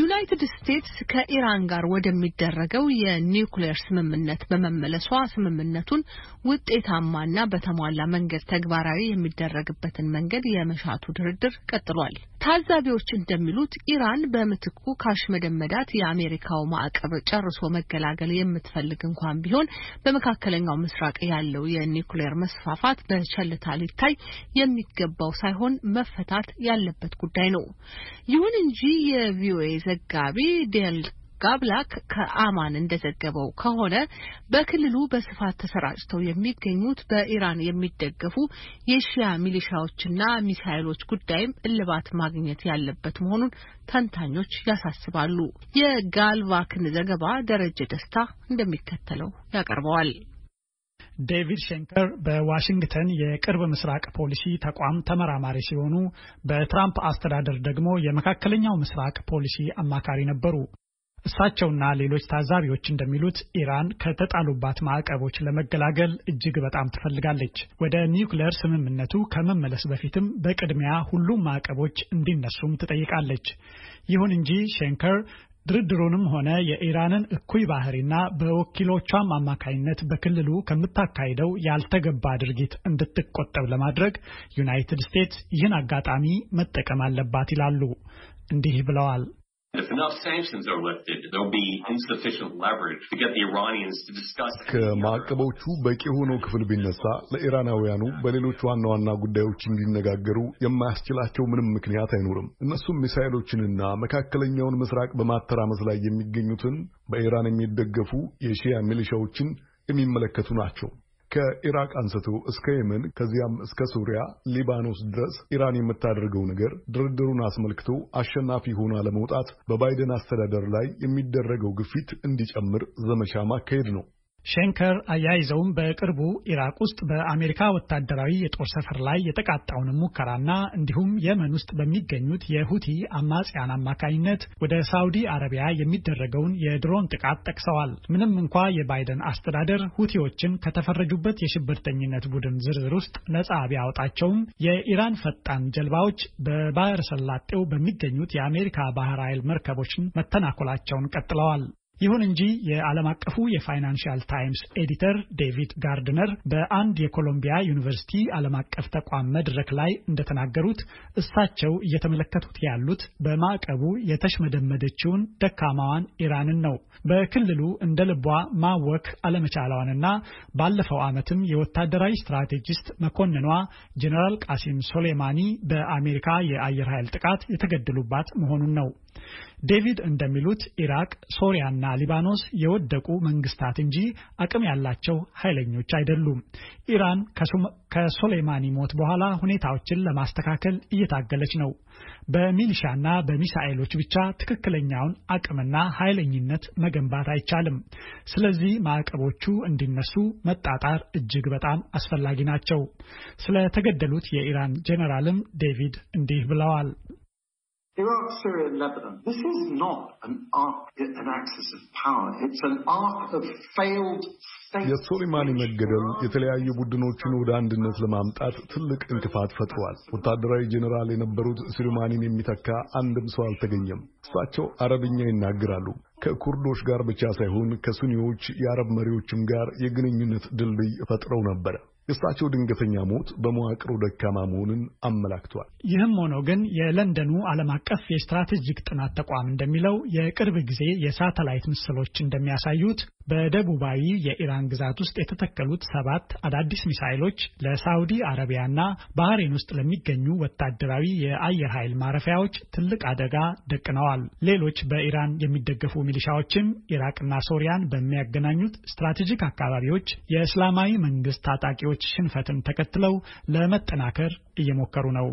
ዩናይትድ ስቴትስ ከኢራን ጋር ወደሚደረገው የኒውክሌር ስምምነት በመመለሷ ስምምነቱን ውጤታማና በተሟላ መንገድ ተግባራዊ የሚደረግበትን መንገድ የመሻቱ ድርድር ቀጥሏል። ታዛቢዎች እንደሚሉት ኢራን በምትኩ ካሽመደመዳት የአሜሪካው ማዕቀብ ጨርሶ መገላገል የምትፈልግ እንኳን ቢሆን በመካከለኛው ምስራቅ ያለው የኒውክሌር መስፋፋት በቸልታ ሊታይ የሚገባው ሳይሆን መፈታት ያለበት ጉዳይ ነው። ይሁን እንጂ የቪኦኤ ዘጋቢ ዴል ጋብላክ ከአማን እንደዘገበው ከሆነ በክልሉ በስፋት ተሰራጭተው የሚገኙት በኢራን የሚደገፉ የሺያ ሚሊሻዎችና ሚሳይሎች ጉዳይም እልባት ማግኘት ያለበት መሆኑን ተንታኞች ያሳስባሉ። የጋልቫክን ዘገባ ደረጀ ደስታ እንደሚከተለው ያቀርበዋል። ዴቪድ ሸንከር በዋሽንግተን የቅርብ ምስራቅ ፖሊሲ ተቋም ተመራማሪ ሲሆኑ በትራምፕ አስተዳደር ደግሞ የመካከለኛው ምስራቅ ፖሊሲ አማካሪ ነበሩ። እሳቸውና ሌሎች ታዛቢዎች እንደሚሉት ኢራን ከተጣሉባት ማዕቀቦች ለመገላገል እጅግ በጣም ትፈልጋለች። ወደ ኒውክሌር ስምምነቱ ከመመለስ በፊትም በቅድሚያ ሁሉም ማዕቀቦች እንዲነሱም ትጠይቃለች። ይሁን እንጂ ሼንከር ድርድሩንም ሆነ የኢራንን እኩይ ባህሪና በወኪሎቿም አማካይነት በክልሉ ከምታካሂደው ያልተገባ ድርጊት እንድትቆጠብ ለማድረግ ዩናይትድ ስቴትስ ይህን አጋጣሚ መጠቀም አለባት ይላሉ። እንዲህ ብለዋል። If ከማዕቀቦቹ በቂ ሆኖ ክፍል ቢነሳ ለኢራናውያኑ በሌሎች ዋና ዋና ጉዳዮች እንዲነጋገሩ የማያስችላቸው ምንም ምክንያት አይኖርም። እነሱም ሚሳይሎችንና መካከለኛውን ምስራቅ በማተራመስ ላይ የሚገኙትን በኢራን የሚደገፉ የሺያ ሚሊሻዎችን የሚመለከቱ ናቸው። ከኢራቅ አንስቶ እስከ የመን ከዚያም እስከ ሱሪያ፣ ሊባኖስ ድረስ ኢራን የምታደርገው ነገር ድርድሩን አስመልክቶ አሸናፊ ሆና ለመውጣት በባይደን አስተዳደር ላይ የሚደረገው ግፊት እንዲጨምር ዘመቻ ማካሄድ ነው። ሸንከር አያይዘውም በቅርቡ ኢራቅ ውስጥ በአሜሪካ ወታደራዊ የጦር ሰፈር ላይ የተቃጣውንም ሙከራና እንዲሁም የመን ውስጥ በሚገኙት የሁቲ አማጽያን አማካኝነት ወደ ሳውዲ አረቢያ የሚደረገውን የድሮን ጥቃት ጠቅሰዋል። ምንም እንኳ የባይደን አስተዳደር ሁቲዎችን ከተፈረጁበት የሽብርተኝነት ቡድን ዝርዝር ውስጥ ነጻ ቢያወጣቸውም የኢራን ፈጣን ጀልባዎች በባህር ሰላጤው በሚገኙት የአሜሪካ ባህር ኃይል መርከቦችን መተናኮላቸውን ቀጥለዋል። ይሁን እንጂ የዓለም አቀፉ የፋይናንሻል ታይምስ ኤዲተር ዴቪድ ጋርድነር በአንድ የኮሎምቢያ ዩኒቨርሲቲ ዓለም አቀፍ ተቋም መድረክ ላይ እንደተናገሩት እሳቸው እየተመለከቱት ያሉት በማዕቀቡ የተሽመደመደችውን ደካማዋን ኢራንን ነው። በክልሉ እንደ ልቧ ማወክ አለመቻሏንና ባለፈው ዓመትም የወታደራዊ ስትራቴጂስት መኮንኗ ጀኔራል ቃሲም ሶሌማኒ በአሜሪካ የአየር ኃይል ጥቃት የተገደሉባት መሆኑን ነው። ዴቪድ እንደሚሉት ኢራቅ፣ ሶሪያና ሊባኖስ የወደቁ መንግስታት እንጂ አቅም ያላቸው ኃይለኞች አይደሉም። ኢራን ከሶሌማኒ ሞት በኋላ ሁኔታዎችን ለማስተካከል እየታገለች ነው። በሚሊሻና በሚሳኤሎች ብቻ ትክክለኛውን አቅምና ኃይለኝነት መገንባት አይቻልም። ስለዚህ ማዕቀቦቹ እንዲነሱ መጣጣር እጅግ በጣም አስፈላጊ ናቸው። ስለተገደሉት የኢራን ጄኔራልም ዴቪድ እንዲህ ብለዋል። Iraq, Syria, and Lebanon. This is not an arc, an axis of power. It's an arc of failed states. መገደል የተለያዩ ቡድኖችን ወደ አንድነት ለማምጣት ትልቅ እንቅፋት ፈጥሯል። ወታደራዊ ጄኔራል የነበሩት ሱሌማኒን የሚተካ አንድም ሰው አልተገኘም። እሳቸው አረብኛ ይናገራሉ። ከኩርዶች ጋር ብቻ ሳይሆን ከሱኒዎች የአረብ መሪዎችም ጋር የግንኙነት ድልድይ ፈጥረው ነበረ። የእሳቸው ድንገተኛ ሞት በመዋቅሩ ደካማ መሆንን አመላክቷል። ይህም ሆኖ ግን የለንደኑ ዓለም አቀፍ የስትራቴጂክ ጥናት ተቋም እንደሚለው የቅርብ ጊዜ የሳተላይት ምስሎች እንደሚያሳዩት በደቡባዊ የኢራን ግዛት ውስጥ የተተከሉት ሰባት አዳዲስ ሚሳይሎች ለሳውዲ አረቢያና ባህሬን ውስጥ ለሚገኙ ወታደራዊ የአየር ኃይል ማረፊያዎች ትልቅ አደጋ ደቅነዋል። ሌሎች በኢራን የሚደገፉ ሚሊሻዎችም ኢራቅና ሶሪያን በሚያገናኙት ስትራቴጂክ አካባቢዎች የእስላማዊ መንግስት ታጣቂዎች ሽንፈትን ተከትለው ለመጠናከር እየሞከሩ ነው